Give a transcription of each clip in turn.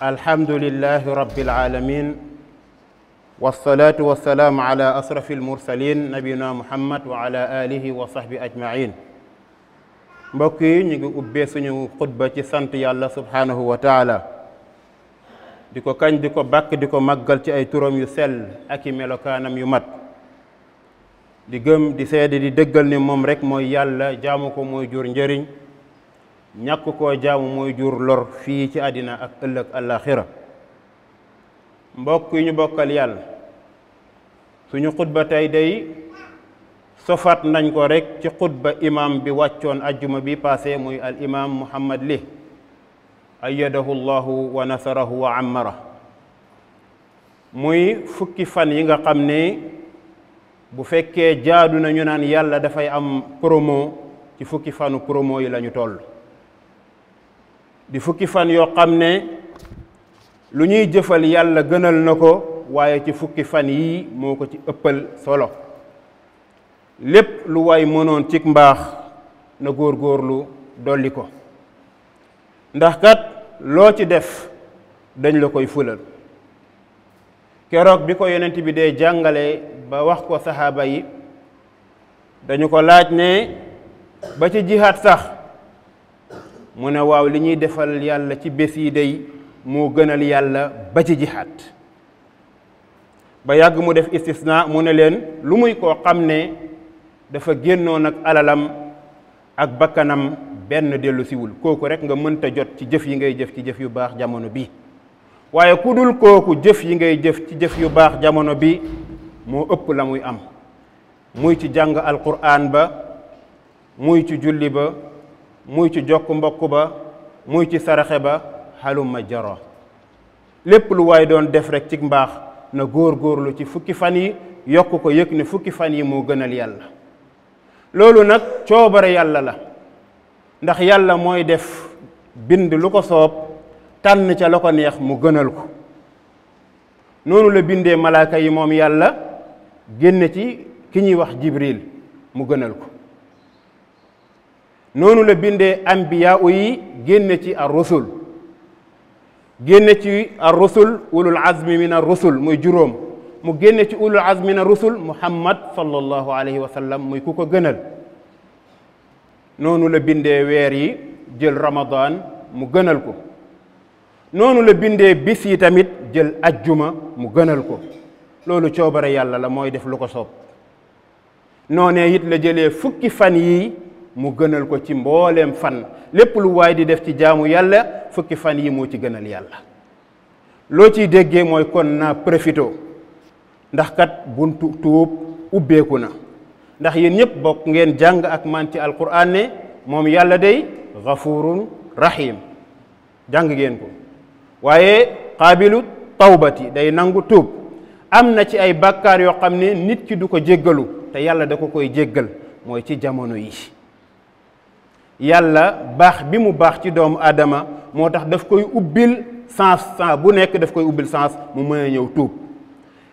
alhamdulillahi rabbil alamin wasalaatu wasalaamu ala asrafi almursalin nabiyina muhammad wa ala alihi wa sahbi ajmain mbokk yi ñu ngi ubbee suñu xutba ci sant yàlla subhaanahu wa taala di ko kañ di ko bàkk di ko màggal ci ay turam yu sell ak i melokaanam yu mat di gëm di seede di dëggal ni moom rek mooy yàlla jaamu ko mooy jur njariñ ñàkk koo jaamu mooy jur lor fii ci àddina ak ëllëg àllaaxira mbokk yi ñu bokkal yàlla suñu xutba tey day sofaat nañ ko rek ci xutba imaam bi wàccoon ajjuma bi passé muy al imaam muhammad li ayyadahu llahu wa nasarahu wa ammara muy fukki fan yi nga xam ne bu fekkee jaadu nañu naan yàlla dafay am promo ci fukki fanu promo yi lañu toll di fukki fan yoo xam ne lu ñuy jëfal yàlla gënal na ko waaye ci fukki fan yii moo ko ci ëppal solo lépp lu waay mënoon cig mbaax na góor góorlu dolli ko ndax kat loo ci def dañ la koy fulal keroog bi ko yonent bi dee jàngale ba wax ko saxaaba yi dañu ko laaj ne ba ci jihaat sax mu ne waaw li ñuy defal yàlla ci bés yi day moo gënal yàlla ba ci jihaat ba yàgg mu def istisna mu ne leen lu muy koo xam ne dafa génnoon ak alalam ak bakkanam benn dellusiwul kooku rek nga mënta jot ci jëf yi ngay jëf ci jëf yu baax jamono bi waaye ku dul kooku jëf yi ngay jëf ci jëf yu baax jamono bi moo ëpp la muy am muy ci jàng alquran ba muy ci julli ba muy ci jokk mbokk ba muy ci saraxe ba xaluma jaro lépp lu waay doon def rekk ci mbaax na góor góorlu ci fukki fan yi yokk ko yëg ne fukki fan yi moo gënal yàlla loolu nag coobare yàlla la ndax yàlla mooy def bind lu ko soob tànn ca la ko neex mu gënal ko noonu la bindee malaaka yi moom yàlla génn ci ki ñuy wax jibril mu gënal ko noonu la bindee ambiya yi génne ci ar rusul génne ci ar rusul ulul azmi min ar muy juróom mu génne ci ulul azmi min ar rusul muhammad sallallahu alayhi wa sallam muy ku ko gënal noonu la bindee weer yi jël ramadan mu gënal ko noonu la bindee bis yi tamit jël ajjuma mu gënal ko loolu coobare yàlla la mooy def lu ko soob noonee it la jëlee fukki fan yii mu gënal ko ci mbooleem fan lépp lu waaye di def ci jaamu yàlla fukki fan yi moo ci gënal yàlla loo ciy déggee mooy kon naa profito ndax kat buntu tuub ubbeeku na ndax yéen ñëpp bokk ngeen jàng ak man ci alquran ne moom yàlla day gafurun rahim jàng ngeen ko waaye qaabilu tawbati day nangu tuub am na ci ay bàkkaar yoo xam ne nit ki du ko jéggalu te yàlla da ko koy jéggal mooy ci jamono yi yàlla baax bi mu baax ci doomu aadama moo tax daf koy ubbil sens sens bu nekk daf koy ubbil sens mu mën a ñëw tuub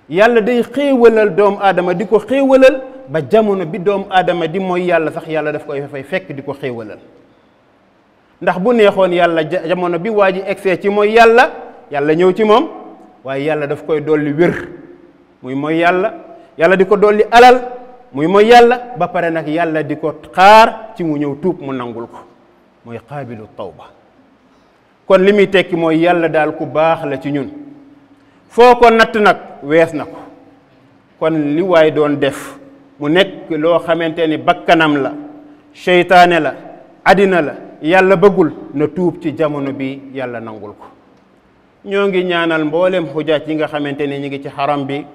yàlla day xéewalal doomu aadama di ko xéewalal ba jamono bi doomu aadama di mooy yàlla sax yàlla daf koy fay fekk di ko xéewalal ndax bu neexoon yàlla jamono bi waa ji egsee ci mooy yàlla yàlla ñëw ci moom waaye yàlla daf koy dolli wér muy mooy yàlla yàlla di ko dolli alal muy mooy yàlla ba pare nag yàlla di ko xaar ci mu ñëw tuub mu nangul ko mooy xaabilu tawba kon li muy tekki mooy yàlla daal ku baax la ci ñun foo ko natt nag wees na ko kon li waay doon def mu nekk loo xamante ni bakkanam la seytaane la àddina la yàlla bëggul na tuub ci jamono bi yàlla nangul ko ñoo ngi ñaanal mboolem xujaat yi nga xamante ni ñu ngi ci xaram bi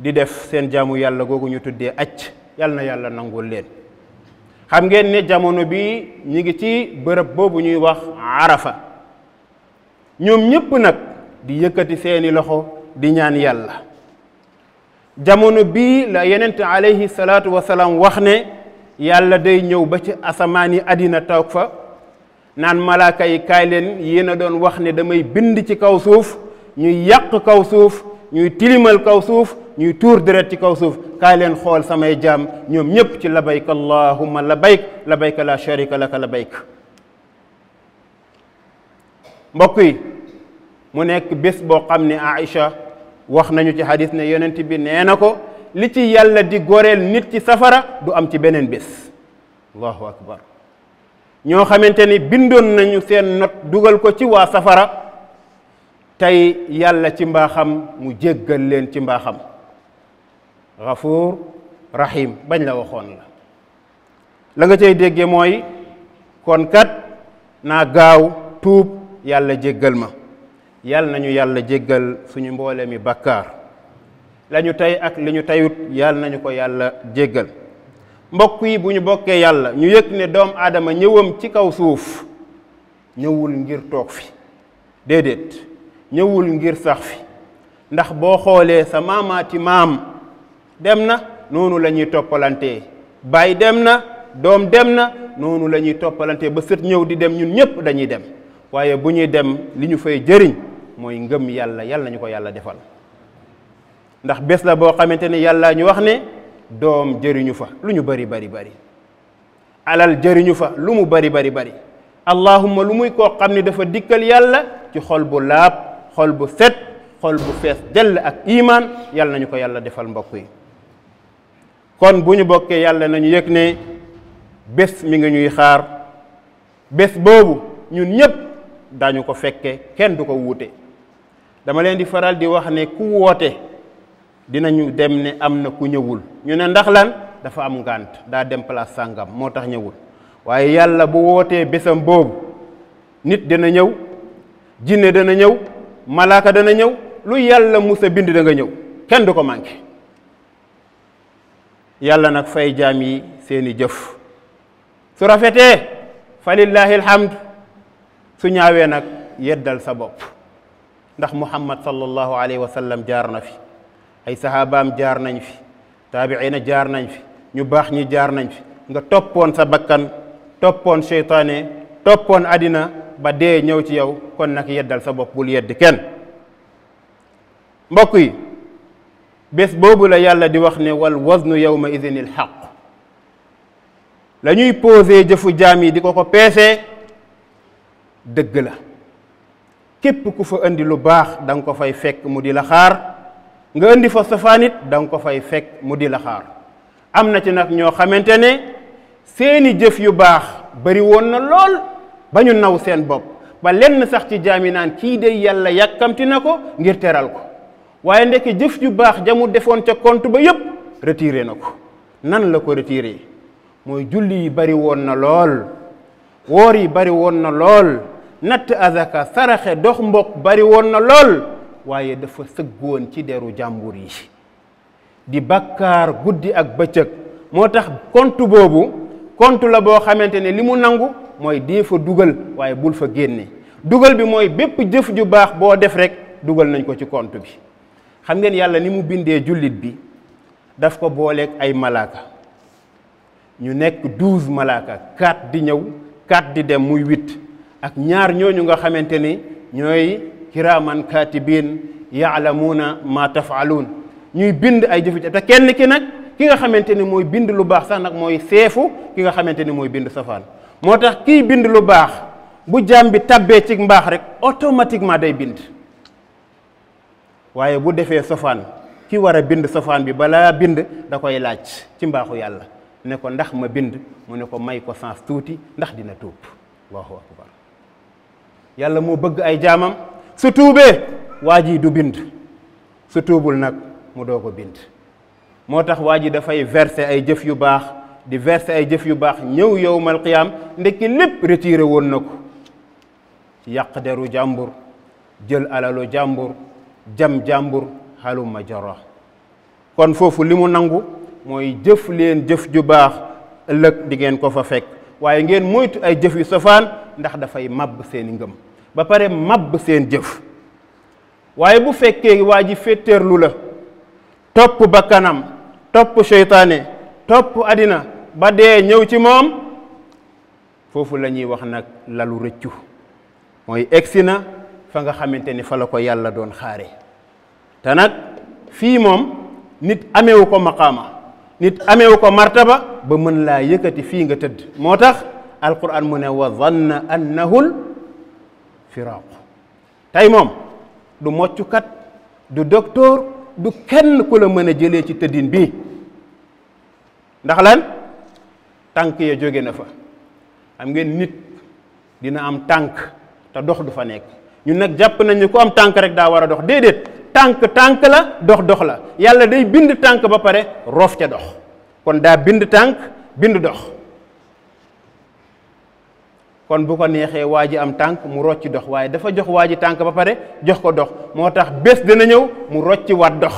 di def seen jaamu yàlla googu ñu tuddee acc yàlla na yàlla nangu leen xam ngeen ne jamono bi ñu ngi ci bërëb boobu ñuy wax arafa ñoom ñëpp nag di yëkkati seeni loxo di ñaan yàlla jamono bii la yenent alayhi salaatu wasalaam wax ne yàlla day ñëw ba ci asamaan yi àddina toog fa naan malaaka yi kaay leen yéen a doon wax ne damay bind ci kaw suuf ñuy yàq kaw suuf ñuy tilimal kaw suuf ñuy tuur deret ci kaw suuf kaay leen xool samay jaam ñoom ñépp ci labayk allahumma labayk labayk la sharika laka labayk mbokk yi mu nekk bés boo xam ne Aïcha wax nañu ci xadis ne yonent bi nee na ko li ci yàlla di goreel nit ci safara du am ci beneen bés allahu akbar ñoo xamante ni bindoon nañu seen not dugal ko ci waa safara tey yàlla ci mbaaxam mu jéggal leen ci mbaaxam gafuur raxiim bañ la waxoon la la nga cay dégge mooy kon kat naa gaaw tuub yàlla jéggal ma yàlla nañu yàlla jéggal suñu mboole mi bàkkaar la ñu tey ak li ñu teyut yàlla nañu ko yàlla jéggal mbokk yi bu ñu bokkee yàlla ñu yëg ne doom aadama ñëwam ci kaw suuf ñëwul ngir toog fi déedéet ñëwul ngir sax fi ndax boo xoolee sa maamaati maam dem na noonu la ñuy toppalantee bay dem na doom dem na noonu la ñuy toppalantee ba sët ñëw di dem ñun ñëpp dañuy dem waaye bu ñuy dem li ñu fay jëriñ mooy ngëm yàlla yàlla nañu ko yàlla defal ndax bés la boo xamante ne yàlla ñu wax ne doom jëriñu fa lu ñu bari bari bari alal jëriñu fa lu mu bari bari bari allahumma lu muy koo xam ne dafa dikkal yàlla ci xol bu laab xol bu set xol bu fees dell ak imaan yàlla nañu ko yàlla defal mbokk yi kon bu ñu bokkee yàlla nañu yég ne bés mi nga ñuy xaar bés boobu ñun ñëpp daañu ko fekke kenn du ko wuute dama leen di faral di wax ne ku woote dinañu dem ne am na ku ñëwul ñu ne ndax lan dafa am ngànt daa dem place sàngam moo tax ñëwul waaye yàlla bu wootee bésam boobu nit dina ñëw jinne dana ñëw malaaka dana ñëw lu yàlla musa bind da nga ñëw kenn du ko manqué yàlla nag fay jaam yi seeni jëf su rafetee fa lillahi alhamd su ñaawee nag yeddal sa bopp ndax muhammad sallallahu alayhi wa jaar na fi ay sahabaam jaar nañ fi na jaar nañ fi ñu baax ñi jaar nañ fi nga toppoon sa bakkan toppoon seytaane toppoon àddina ba dee ñëw ci yow kon nag yeddal sa bopp bul yedd kenn mbokk yi bés boobu la yàlla di wax ne wal waznu yawma yow ma xaq la lañuy posé jëfu jaam yi di ko ko peesee dëgg la képp ku fa indi lu baax danga ko fay fekk mu di la xaar nga indi fa safaanit da nga ko fay fekk mu di la xaar am na ci nag ñoo xamante ne seeni jëf yu baax bari woon na lool ba ñu naw seen bopp ba lenn sax ci jaami naan kii de yàlla yàkkamti na ko ngir teral ko waaye ndekki jëf ju baax ja defoon ca kont ba yépp retiré na ko nan la ko retiré mooy julli yi bari woon na lool woor yi bari woon na lool natt azaka saraxe dox mbokk bari woon na lool waaye dafa sëggoon ci deru jàmbur yi di bakkaar guddi ak bëccëg moo tax kont boobu kont la boo xamante ne li mu nangu mooy dee dugal waaye bul fa génne dugal bi mooy bépp jëf ju baax boo def rek dugal nañ ko ci compte bi xam ngeen yàlla ni mu bindee jullit bi daf ko booleek ay malaaka ñu nekk douze malaaka quatre di ñëw quatre di dem muy huit ak ñaar ñooñu nga xamante ni ñooy kiraaman kaatibiin yaalamuuna ma tafaaluun ñuy bind ay jëf te kenn ki nag ki nga xamante ni mooy bind lu baax sax nag mooy seefu ki nga xamante ni mooy bind safaan moo tax kiy bind lu baax bu jaam bi tàbbee ci mbaax rek automatiquement day bind waaye bu defee sofaan ki war a bind sofaan bi balaa bind da koy laaj ci mbaaxu yàlla ne ko ndax ma bind mu ne ko may ko sens tuuti ndax dina tuub allahu yàlla moo bëgg ay jaamam su tuubee waa ji du bind su tuubul nag mu doo ko bind moo tax waa ji dafay verser ay jëf yu baax di verser ay jëf yu baax ñëw yowmal qiyaam ndekki lépp retiré woon na ko yàq deru jàmbur jël alalu jàmbur jam jàmbur xaluma jara kon foofu li mu nangu mooy jëf leen jëf ju baax ëllëg di ko fa fekk waaye ngeen moytu ay jëf yu safaan ndax dafay màbb seeni ngëm ba pare màbb seen jëf waaye bu fekkee waa ji féeteerlu la topp bakkanam topp seytaane topp àddina ba dee ñëw ci moom foofu la ñuy wax nag lalu rëccu mooy egsi na fa nga xamante ni fa la ko yàlla doon xaare te nag fii moom nit amewu ko maqaama nit amewu ko martaba ba mën laa yëkkati fii nga tëdd moo tax alquran mu ne wa zanna annahul firaaqu tey moom du moccukat du docteur du kenn ku la mën a jëlee ci tëddin bi ndax lan tànk ya jóge na fa xam ngeen nit dina am tànk te dox du fa nekk ñun nag jàpp nañ ne ku am tànk rek daa war a dox déedéet tànk tànk la dox dox la yàlla day bind tànk ba pare roof ca dox kon daa bind tànk bind dox kon bu ko neexee waa ji am tànk mu rocci dox waaye dafa jox waa ji tànk ba pare jox ko dox moo tax bés dina ñëw mu rocci waat dox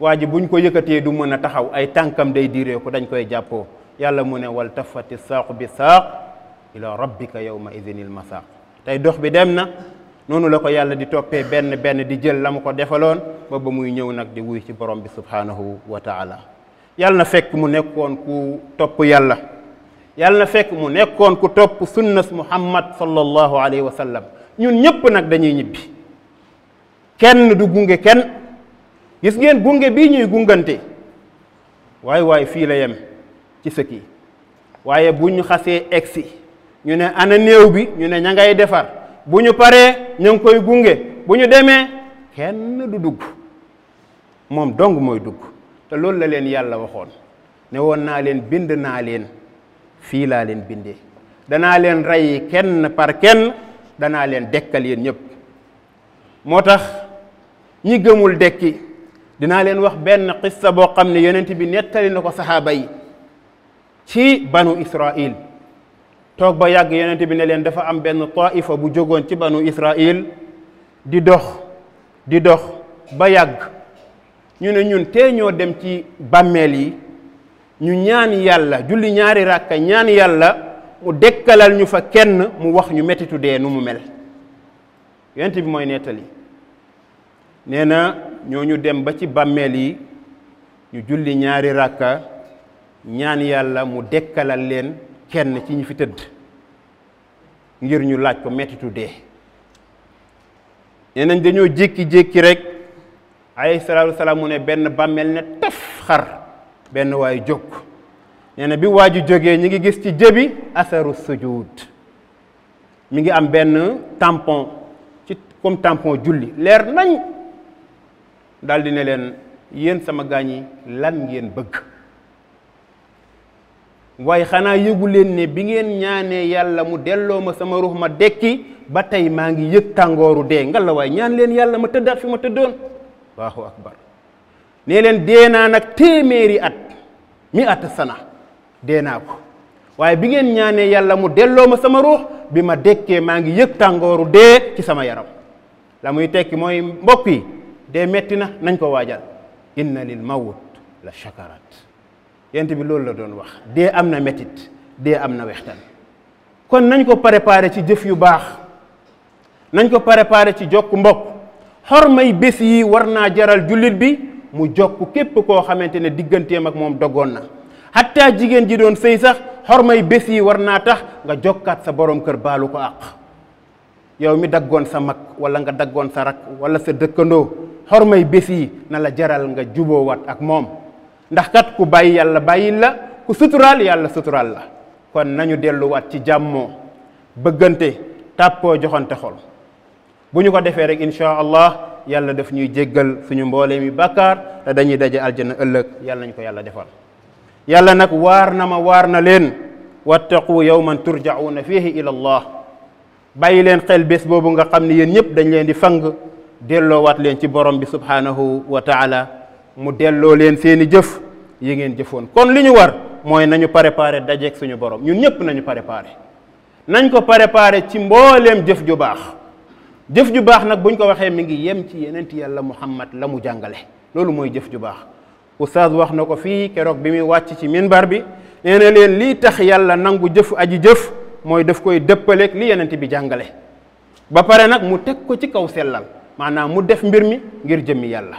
waa bu buñ ko yëkkatee du mën a taxaw ay tànkam day diiree ko dañ koy jàppoo yàlla mu ne wal tafati saaqu bi saaq ila rabbika yawma idinil masaaq tey dox bi dem na noonu la ko yàlla di toppee benn benn di jël la mu ko defaloon ba ba muy ñëw nag di wuy ci borom bi subhaanahu wa taala yàlla na fekk mu nekkoon ku topp yàlla yàlla na fekk mu nekkoon ku topp sunnas muhammad sallallahu alayhi wa sallam ñun ñëpp nag dañuy ñibbi kenn du gunge kenn gis ngeen gunge bi ñuy gungante waay waay fii la yem ci sëkk yi waaye bu ñu xasee egsi ñu ne ana néew bi ñu ne ña ngay defar bu ñu paree ña koy gunge bu ñu demee kenn du dugg moom dong mooy dugg te loolu la leen yàlla waxoon ne woon naa leen bind naa leen fii laa leen bindee danaa leen rey kenn par kenn danaa leen dekkal yéen ñëpp moo tax ñi gëmul dekki dinaa leen wax benn qissa boo xam ne yonent bi nettali na ko saxaaba yi ci banu israil toog ba yàgg yonent bi ne leen dafa am benn taifa bu jógoon ci banu israil di dox di dox ba yàgg ñu ne ñun tee ñoo dem ci bàmmeel yi ñu ñaan yàlla julli ñaari ràkka ñaan yàlla mu dekkalal ñu fa kenn mu wax ñu mettitu de nu mu mel yonent bi mooy nettali nee na ñu dem ba ci bàmmeel yi ñu julli ñaari ràkka ñaan yàlla mu dekkalal leen kenn ci ñu fi tëdd ngir ñu laaj ko mettitu dee nee nañ dañoo jékki-jékki rek ay salaatu mu ne benn bàmmeel ne taf xar benn waay jóg nee bi waa ju jógee ñi ngi gis ci jëbi asaru sujud mu ngi am benn tampon ci comme tampon julli leer nañ daal di ne leen yéen sama gaañ yi lan ngeen bëgg waaye xanaa yëgu leen ne bi ngeen ñaanee yàlla mu delloo ma sama ruux ma dekki ba tey maa ngi yëg tàngooru dee nga la waaye ñaan leen yàlla ma tëddaat fi ma tëddoon allahu akbar nee leen dee naa nag téeméeri at mi at sana dee naa ko waaye bi ngeen ñaanee yàlla mu delloo ma sama ruux bi ma dekkee maa ngi yëg tàngooru dee ci sama yaram la muy tekki mooy mbokk dee metti na nañ ko waajal inna lil mawt la shakarat yent bi loolu la doon wax dee am na mettit dee am na wextan kon nañ ko préparé ci jëf yu baax nañ ko préparé ci jokk mbokk xormay bés yi war naa jaral jullit bi mu jokk képp koo xamante ne digganteem ak moom dogoon na xatta jigéen ji doon sëy sax xormay bés yi war naa tax nga jokkaat sa borom kër baalu ko àq yow mi daggoon sa mag wala nga daggoon sa rak wala sa dëkkandoo xormay bés yi na la jaral nga jubóowat ak moom ndax kat ku bàyyi yàlla bàyyi la ku suturaal yàlla suturaal la kon nañu delluwaat ci jàmmoo bëggante tàppoo joxante xol bu ñu ko defee rek incha allah yàlla def ñuy jéggal suñu mboolee mi bàkkaar te dañuy daje aljana ëllëg yàlla nañu ko yàlla defal yàlla nag waar na ma waar na leen wattaqu yawman turja'una fihi ila allah bàyyi leen xel bés boobu nga xam ne yéen ñëpp dañ leen di fang delloowaat leen ci borom bi subhaanahu wa taala mu delloo leen seeni jëf yi ngeen jëfoon kon li ñu war mooy nañu préparé dajeeg suñu borom ñun ñëpp nañu préparé nañ ko préparé ci mbooleem jëf ju baax jëf ju baax nag buñ ko waxee mi ngi yem ci yenent yàlla muhammad la mu jàngale loolu mooy jëf ju baax oustaz wax na ko fii keroog bi muy wàcc ci minbar bi nee leen lii tax yàlla nangu jëf aji jëf mooy daf koy dëppaleeg li yenent bi jàngale ba pare nag mu teg ko ci kaw sellal maanaam mu def mbir mi ngir jëmm yàlla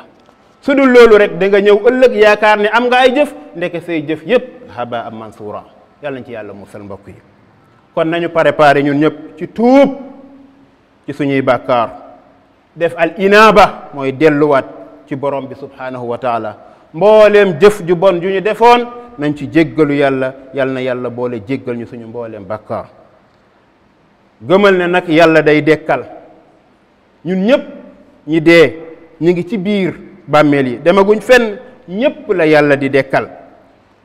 su dul loolu rek da ñëw ëllëg yaakaar ne am nga ay jëf ndeke say jëf yëpp haba am mansuura yàlla nañ ci yàlla musal mbokk yi kon nañu préparé ñun ñëpp ci tuub ci suñuy bàkkaar def al inaaba mooy delluwaat ci borom bi subhaanahu wa taala mbooleem jëf ju bon ju ñu defoon nañ ci jéggalu yàlla yàlla na yàlla boole jéggal ñu suñu mbooleem bàkkaar gëmal ne nag yàlla day dekkal ñun ñëpp ñi dee ñu ngi ci biir bàmmeel yi demaguñ fenn ñépp la yàlla di dekkal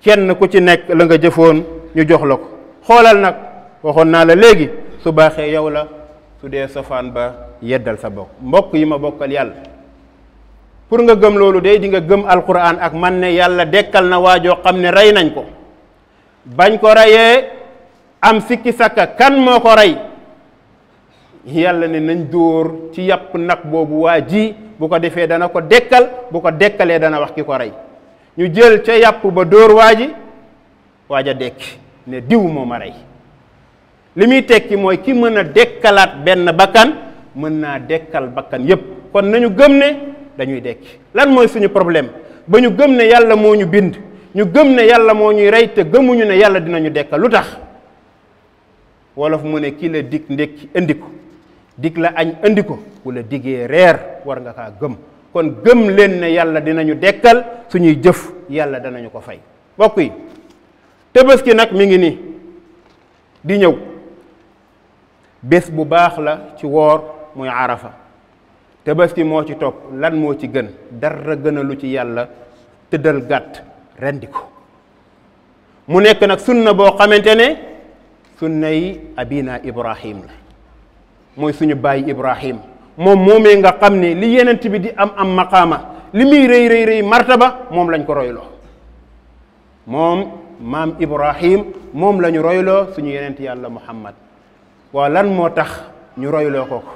kenn ku ci nekk la nga jëfoon ñu jox la ko xoolal nag waxoon naa la léegi su baaxee yow la su dee safaan ba yeddal sa bopp mbokk yi ma bokkal yàlla pour nga gëm loolu day dinga gëm alquran ak man ne yàlla dekkal na waajoo xam ne rey nañ ko bañ ko reyee am sikki sakka kan moo ko rey yàlla ne nañ dóor ci yàpp nag boobu waa ji bu ko defee dana ko dekkal bu ko dekkalee dana wax ki ko rey ñu jël ca yàpp ba dóor waa ji waaj a dekki ne diw moo ma rey li muy tekki mooy ki mën a dekkalaat benn bakkan mën naa dekkal bakkan yépp kon nañu gëm ne dañuy dekki lan mooy suñu problème ba ñu gëm ne yàlla moo ñu bind ñu gëm ne yàlla moo ñuy rey te gëmuñu ne yàlla dinañu dekkal lu tax wolof mu ne ki dikk dig ndékki indi ko dig la añ andi ko bu la reer war nga kaa gëm kon gëm leen na yàlla dinañu dekkal suñuy jëf yàlla danañu ko fay bokk yi Tabaski nag mi ngi nii di ñëw bés bu baax la ci woor muy arafa Tabaski moo ci topp lan moo ci gën dara gënalu ci yàlla tëddal gàtt rendi ko mu nekk nag sunna boo xamante ne sunna yi abina ibrahim la mooy suñu baay Ibrahim moom moomee nga xam ne li yenent bi di am am maqaama li muy rëy rëy rëy martaba moom lañ ko royloo moom maam Ibrahim moom lañu ñu royloo suñu yenent yàlla Muhammad waa lan moo tax ñu royloo ko ko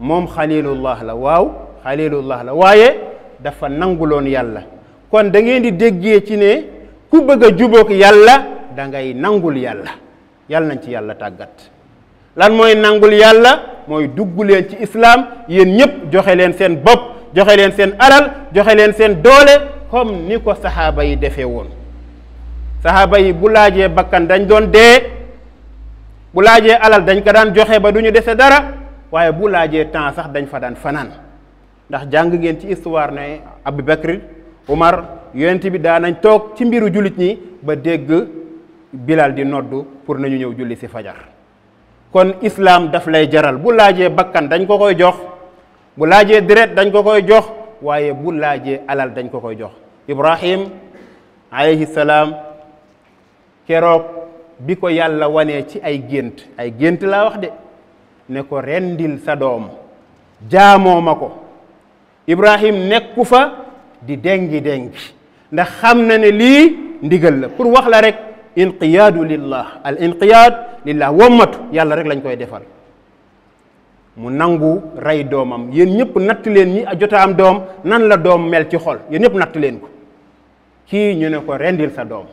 moom xalilullah la waaw xalilullah la waaye dafa nanguloon yàlla kon da ngeen di déggee ci ne ku bëgg a jubóog yàlla dangay ngay nangul yàlla yàlla nañ ci yàlla tàggat lan mooy nangul yàlla mooy dugg leen ci islaam yéen ñëpp joxe leen seen bopp joxe leen seen alal joxe leen seen doole comme ni ko saxaaba yi defee woon saxaaba yi bu laajee bakkan dañ doon dee bu laajee alal dañ ko daan joxe ba du ñu dese dara waaye bu laajee temps sax dañ fa daan fanaan ndax jàng ngeen ci histoire ne Abu Bakr Umar yonent bi daan nañ toog ci mbiru jullit ñi ba dégg Bilal di noddu pour nañu ñëw julli si fajar kon islaam daf lay jaral bu laajee bakkan dañ ko koy jox bu laajee deret dañ ko koy jox waaye bu laajee alal dañ ko koy jox ibrahim alayhi salaam keroog bi ko yàlla wanee ci ay gént ay gént laa wax de ne ko rendil sa doom jaamoo ma ko ibrahim nekku fa di dengi dengi ndax xam na ne lii ndigal la pour wax la rek inqiyaadu lillah al inqiyaad lillah wommatu yàlla rek lañ koy defal mu nangu rey doomam yéen ñëpp natt leen ñi a jota am doom nan la doom mel ci xol yéen ñëpp natt leen ko kii ñu ne ko rendil sa doom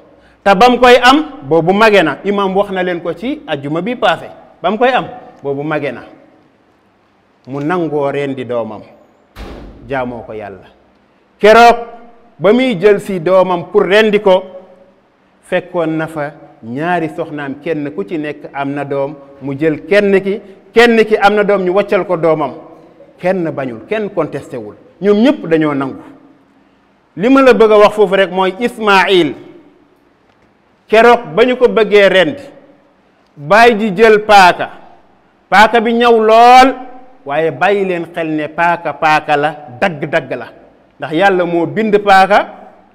te ba mu koy am boobu mage na imaam wax na leen ko ci ajjuma bi paase ba mu koy am boobu mage na mu nangoo rendi doomam jaamoo ko yàlla keroog ba muy jël doomam pour rendi ko fekkoon na fa ñaari soxnaam kenn ku ci nekk am na doom mu jël kenn ki kenn ki am na doom ñu waccal ko doomam kenn bañul kenn contesté wul ñoom ñëpp dañoo nangu li ma la bëgg a wax foofu rek mooy Ismaïl keroog ba ñu ko bëggee rend baay ji jël paaka paaka bi ñaw lool waaye bàyyi leen xel ne paaka paaka la dagg-dagg la ndax yàlla moo bind paaka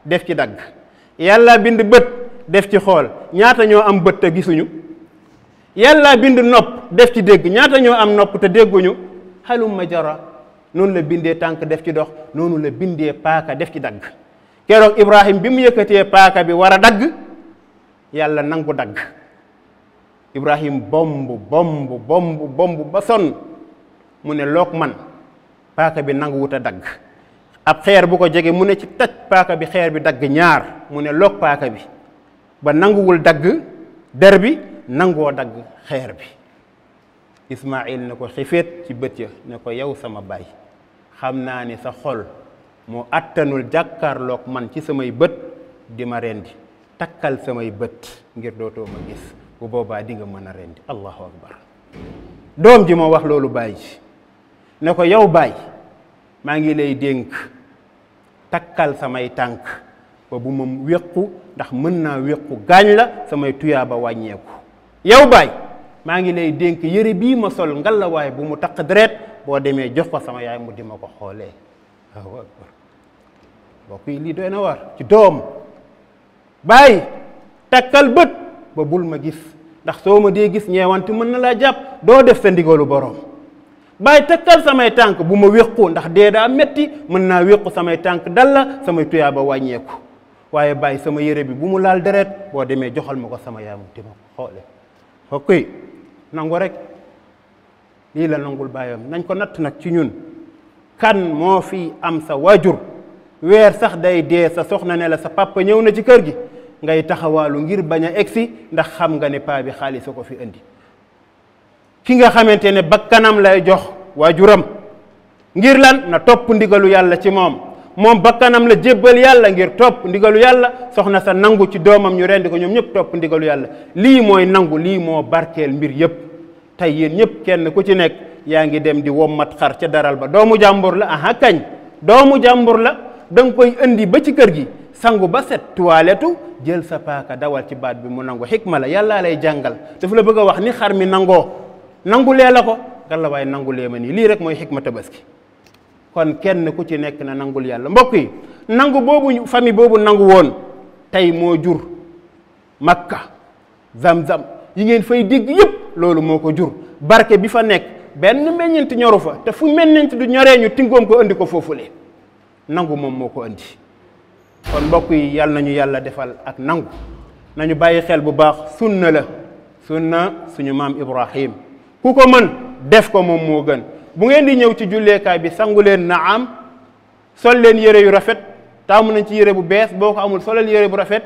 def ci dagg yàlla bind bët def ci xool ñaata ñoo am bët te gisuñu yàlla bind nopp def ci dégg ñaata ñoo am nopp te dégguñu xalumma jara noonu la bindee tànk def ci dox noonu la bindee paaka def ci dagg keroog Ibrahim bi mu yëkkatee paaka bi war a dagg yàlla nangu dagg Ibrahim bomb bomb bomb ba sonn mu ne loog man paaka bi nangu dagg ab xeer bu ko jege mu ne ci taj paaka bi xeer bi dagg ñaar mu ne loog paaka bi ba nanguwul dagg der bi nangoo dagg xeer bi Ismaayil ne ko xifeet ci bët ya ne ko yow sama baay xam naa ni sa xol moo àttanul jàkkaarloog man ci samay bët di ma rendi takkal samay bët ngir dootoo ma gis bu boobaa di nga mën a rendi allahu akbar doom ji moo wax loolu baay ji ne ko yow baay maa ngi lay dénk takkal samay tànk ba bu ma wéqu ndax mën naa wéqu gaañ la samay tuyaaba wàññeeku yow baay maa ngi lay dénk yére bii ma sol ngal la ngalawaay bu mu taq deret boo demee jox ko sama yaay mu di ma ko xoolee waaw bokk yi lii doy na war ci doom baay takkal bët ba bul ma gis ndax soo ma dee gis ñeewantu mën na laa jàpp doo def sa ndigalu boroom bàyyi takkal samay tànk bu ma wéqu ndax dee daa metti mën naa wéqu samay tànk dal la samay tuyaaba wàññeeku waaye bàyyi sama yére bi bu mu laal deret boo demee joxal ma ko sama yaay mu ma ko xoole ok nangu rek lii la nangul bàyyam nañ ko natt nag ci ñun kan moo fi am sa waajur weer sax day dee sa soxna ne la sa papa ñëw na ci kër gi ngay taxawaalu ngir bañ a egsi ndax xam nga ne paa bi xaalis a ko fi indi ki nga xamante ne bakkanam lay jox waajuram ngir lan na topp ndigalu yàlla ci moom moom bakkanam la jébbal yàlla ngir topp ndigalu yàlla soxna sa nangu ci doomam ñu rendi ko ñoom ñëpp topp ndigalu yàlla lii mooy nangu lii moo barkeel mbir yëpp tey yéen ñëpp kenn ku ci nekk yaa ngi dem di wommat xar ca daral ba doomu jàmbur la aha kañ doomu jàmbur la da koy indi ba ci kër gi sangu ba set tuwaaletu jël sa paaka dawal ci baat bi mu nangu xikma la yàllaa lay jàngal dafa la bëgg a wax ni xar mi nangoo nangu nangulee la ko galla waaye nangulee ma nii lii rek mooy xikma tabaski kon kenn ku ci nekk na nangul yàlla mbokk yi nangu boobu famille boobu nangu woon tey moo jur makka zam-zam yi ngeen fay dégg yépp loolu moo ko jur barke bi fa nekk benn meññeent ñoru fa te fu meññeent du ñoree ñu tingoom ko indi ko foofu le nangu moom moo ko indi kon mbokk yi yàlla nañu yàlla defal ak nangu nañu bàyyi xel bu baax sunna la sunna suñu maam Ibrahim ku ko mën def ko moom moo gën bu ngeen di ñëw ci julleekaay bi sangu leen am sol leen yére yu rafet taamu nañ ci yére bu bees boo ko amul solal yére bu rafet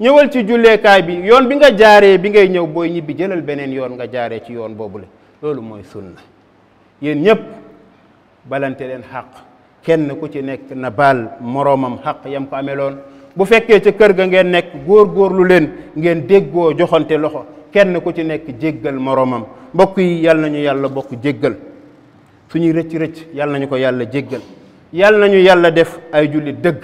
ñëwal ci julleekaay bi yoon bi nga jaaree bi ngay ñëw booy ñibbi jëlal beneen yoon nga jaaree ci yoon boobu la loolu mooy sunna yéen ñépp balante leen xàq kenn ku ci nekk na baal moroomam xàq yam ko amee bu fekkee ca kër ga ngeen nekk góor-góorlu leen ngeen déggoo joxante loxo kenn ku ci nekk jéggal moroomam mbokk yi yàlla nañu yàlla bokk jéggal suñuy rëcc rëcc yàlla nañu ko yàlla jéggal yàlla nañu yàlla def ay jullit dëgg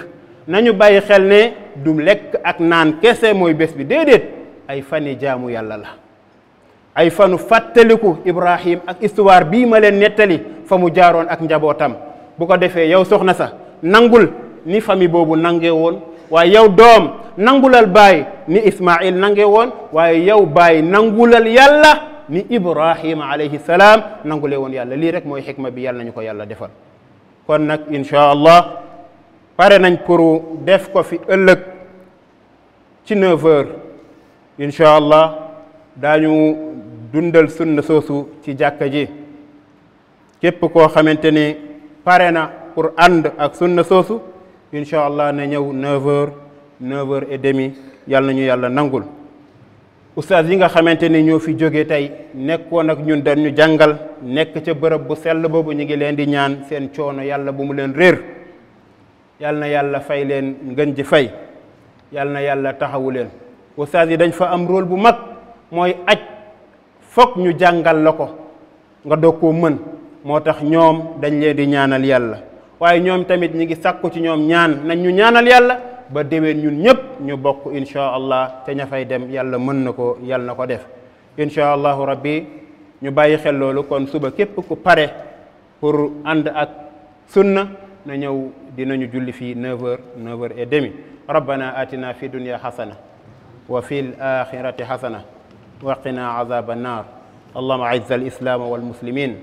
nañu bàyyi xel ne du lekk ak naan kese mooy bés bi déedéet ay fani jaamu yàlla la ay fanu fàttaliku Ibrahim ak istuwaar bii ma leen nettali fa mu jaaroon ak njabootam bu ko defee yow soxna sa nangul ni famille boobu nange woon waaye yow doom nangulal baay ni Ismail nange woon waaye yow baay nangulal yàlla ni ibrahima alayhi salaam nangule woon yàlla lii rek mooy xikma bi yàlla nañu ko yàlla defal kon nag inchaa allah pare nañ pour def ko fi ëllëg ci 9 heures inchaa allah daañu dundal sunna soosu ci jàkka ji képp koo xamante ni pare na pour ànd ak sunna soosu incha allah na ñëw 9 heures 9 heures et demi yàlla nañu yàlla nangul oustaz yi nga xamante ni ñoo fi jóge tey nekkoon ak ñun dañ ñu jàngal nekk ca bërëb bu sell boobu ñu ngi leen di ñaan seen coono yàlla bu mu leen réer yàll na yàlla fay leen ngën ji fay yàll na yàlla taxawu leen oustaz yi dañ fa am rôle bu mag mooy aj foog ñu jàngal la ko nga doog koo mën moo tax ñoom dañ leen di ñaanal yàlla waaye ñoom tamit ñi ngi sàkku ci ñoom ñaan nañ ñu ñaanal yàlla ba déwén ñun ñëpp ñu bokk incha allah te ña fay dem yàlla mën na ko yàlla na ko def incha allahu rabbi ñu bàyyi xel loolu kon suba képp ku pare pour ànd ak sunna na ñëw dinañu julli fii 9h 9 demi rabbana atina fi dunya xasana wa fi l axirati xasana wa qina azaba annar allahuma aizza al islaama walmuslimin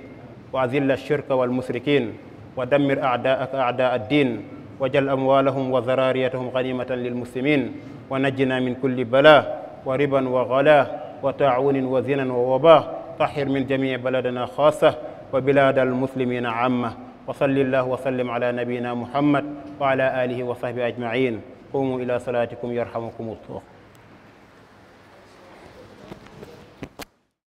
wa azilla alshirka walmusrikin wa dammir aadaaka aadaa ad din wajal amwalahum wa zarariyatahum ganimatan lilmuslimin wa najjina min kulli bala wa riban wa gala wa taawunin wa zinan wa waba tahir min jamii baladana xaasa wa bilada almuslimina amma wa salli llahu wa sallim ala nabiyina muhammad wa ala alihi wa sahbi ajmain qumu ila salatikum yarhamukum allah